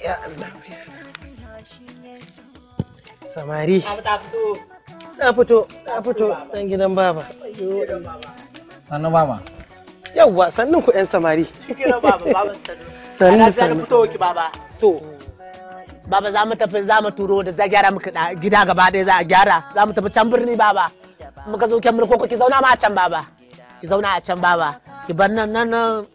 ya Allah. Samari. Na fito, na fito ɗan gidan baba. Sannu baba. Yawwa sannun ku 'yan samari. Sannu sannu. fito ki baba. To. Baba za mu tafi za mu turo da za gyara muka gida gaba ɗaya za a gyara za mu tafi can birni baba. Muka zo kyan birni ko ki zauna ma a can baba. Ki zauna a can baba. Ki bar nan nan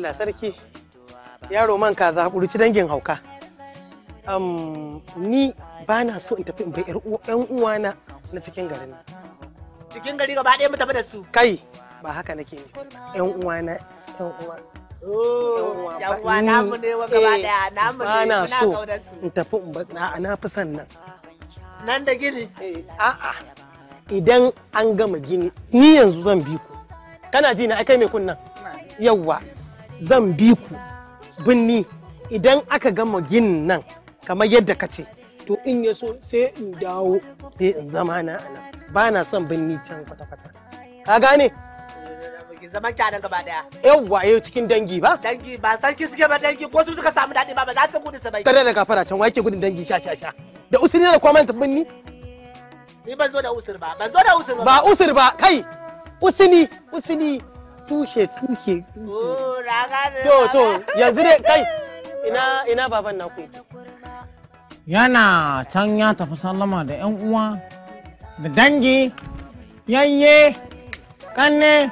Allah sarki yaro man kaza ci dangin hauka ni ba na so in tafi in bai yan uwana na cikin garin cikin gari gaba ɗaya mu tafi da su kai ba haka nake ne yan uwana yan uwa yawwa oh, namu ne wa gaba daya eh, ne muna so in tafi in ba na fi nan da gini eh, a'a idan an gama gini ni yanzu zan bi ku kana ji na akai mai kunnan yawwa zan bi ku binni idan aka gama gin nan kamar yadda ka ce to in ya so sai in dawo sai in zama na anan ba na son binni can kwata-kwata ka gane zaman nan gaba daya yawwa yau cikin dangi ba dangi ba sarki suke ba dangi ko su suka samu daɗi ba ba za su gudu su bai kada da gafara can wake gudun dangi sha sha sha da usiri na kwamen binni ni ban zo da usur ba ban zo da usur ba ba usur ba kai usini usini tushe tushe oh, to to yanzu dai kai ina ina baban naku yana can ya tafi sallama da yan uwa da dangi yayye kanne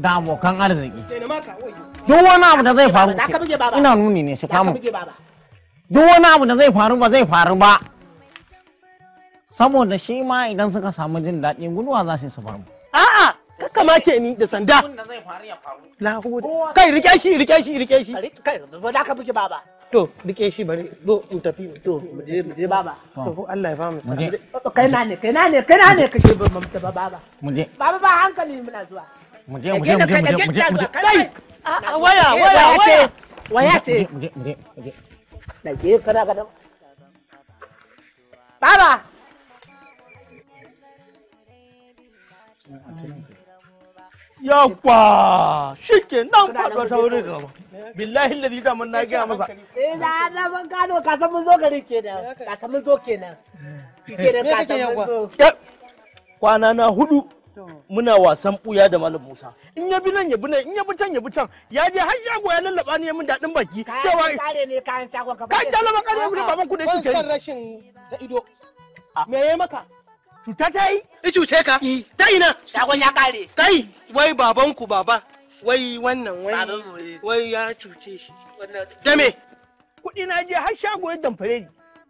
da abokan arziki duk wani abu da zai faru ina nuni ne shi kamun duk wani abu da zai faru ba zai faru ba saboda shi ma idan suka samu jin daɗi guduwa za su yi su faru. a'a kama ke ni da sanda kai rike shi rike shi rike shi kai ba da ka buke baba to rike shi bari do in tafi to mu je mu je baba to Allah ya fama sa kai na ne kai na ne kai na ne kake ba mamta ba baba mu je baba ba hankali muna zuwa mu je mu je mu je mu je mu je kai waya waya waya waya ce mu je mu je mu je da ke kana kana baba yakwa shike nan faɗo ta wuri gaba billahi lazi ta mun na gaya masa eh da na ban gano ka san mun zo gari ke kenan ka san mun zo kenan kenan eh, ka san mun zo kwana na hudu muna wasan buya da malam Musa in ya bi nan ya bi nan in ya bi can ya bi can ya je har shago ya lallaba ni mun dadin baki cewa kai tare ne kayan shago ka ba ka jalaba kare ku baban ku da kike ban san rashin da ido me yayi maka cuta ta yi i cuce ka eh. ta ina shagon ya kare kai wai ku, baba wai wannan wai wai ya cuce shi da me kuɗi na je har shago ya damfare ni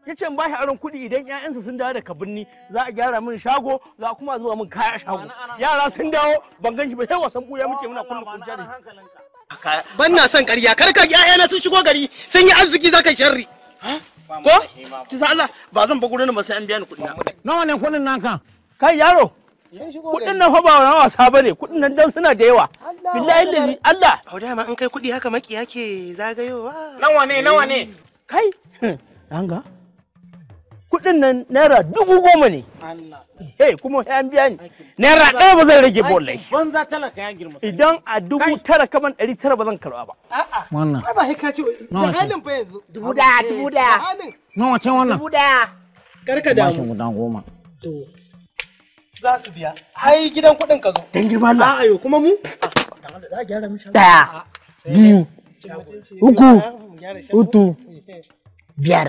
ya ce ba shi aron kuɗi idan 'ya'yansa sun dawo daga birni za a gyara min shago za a kuma zuwa min kaya shago yara sun dawo ban gan shi ba sai wasan ɓuya muke muna kullum kunce da ban na son ƙarya karka 'ya'yana sun shigo gari sun yi arziki za ka sharri ko ki san Allah ba zan ba gurin ba sai an biya ni kuɗi na nawa ne kuɗin nan kan kai yaro kuɗin nan fa ba wani wasa bane kuɗin nan dan suna da yawa billahi da Allah da ma an kai kuɗi haka makiya ke zagayowa nawa ne nawa ne kai hmm. an ga kudin nan naira dubu goma ne. Hey kuma ya biya ni. Naira ɗaya ba zan rage bollai. Banza talaka ya girma. Idan a dubu tara kaman ɗari tara ba zan karɓa ba. A'a. Wannan. ba sai ka ce da halin fa yanzu. Dubu daya dubu daya. Na wace wannan? Dubu daya. Karka da mu. Bashin guda goma. To. Za su biya. Ai gidan kuɗin ka zo. Dan girma Allah. A'a yo kuma mu. Ah, za Daya. Biyu. Uku. Utu. Biyar.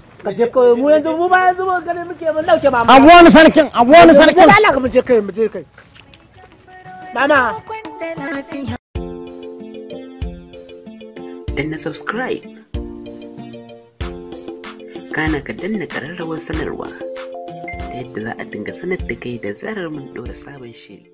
ka je kawai mu yanzu mu yanzu muke mun dauke mama abu wani sarkin abu wani sarkin ka mu je kai kai danna subscribe kana ka danna kararrawar sanarwa ta yadda za a dinga sanar da kai da zarar mun ɗora sabon shiri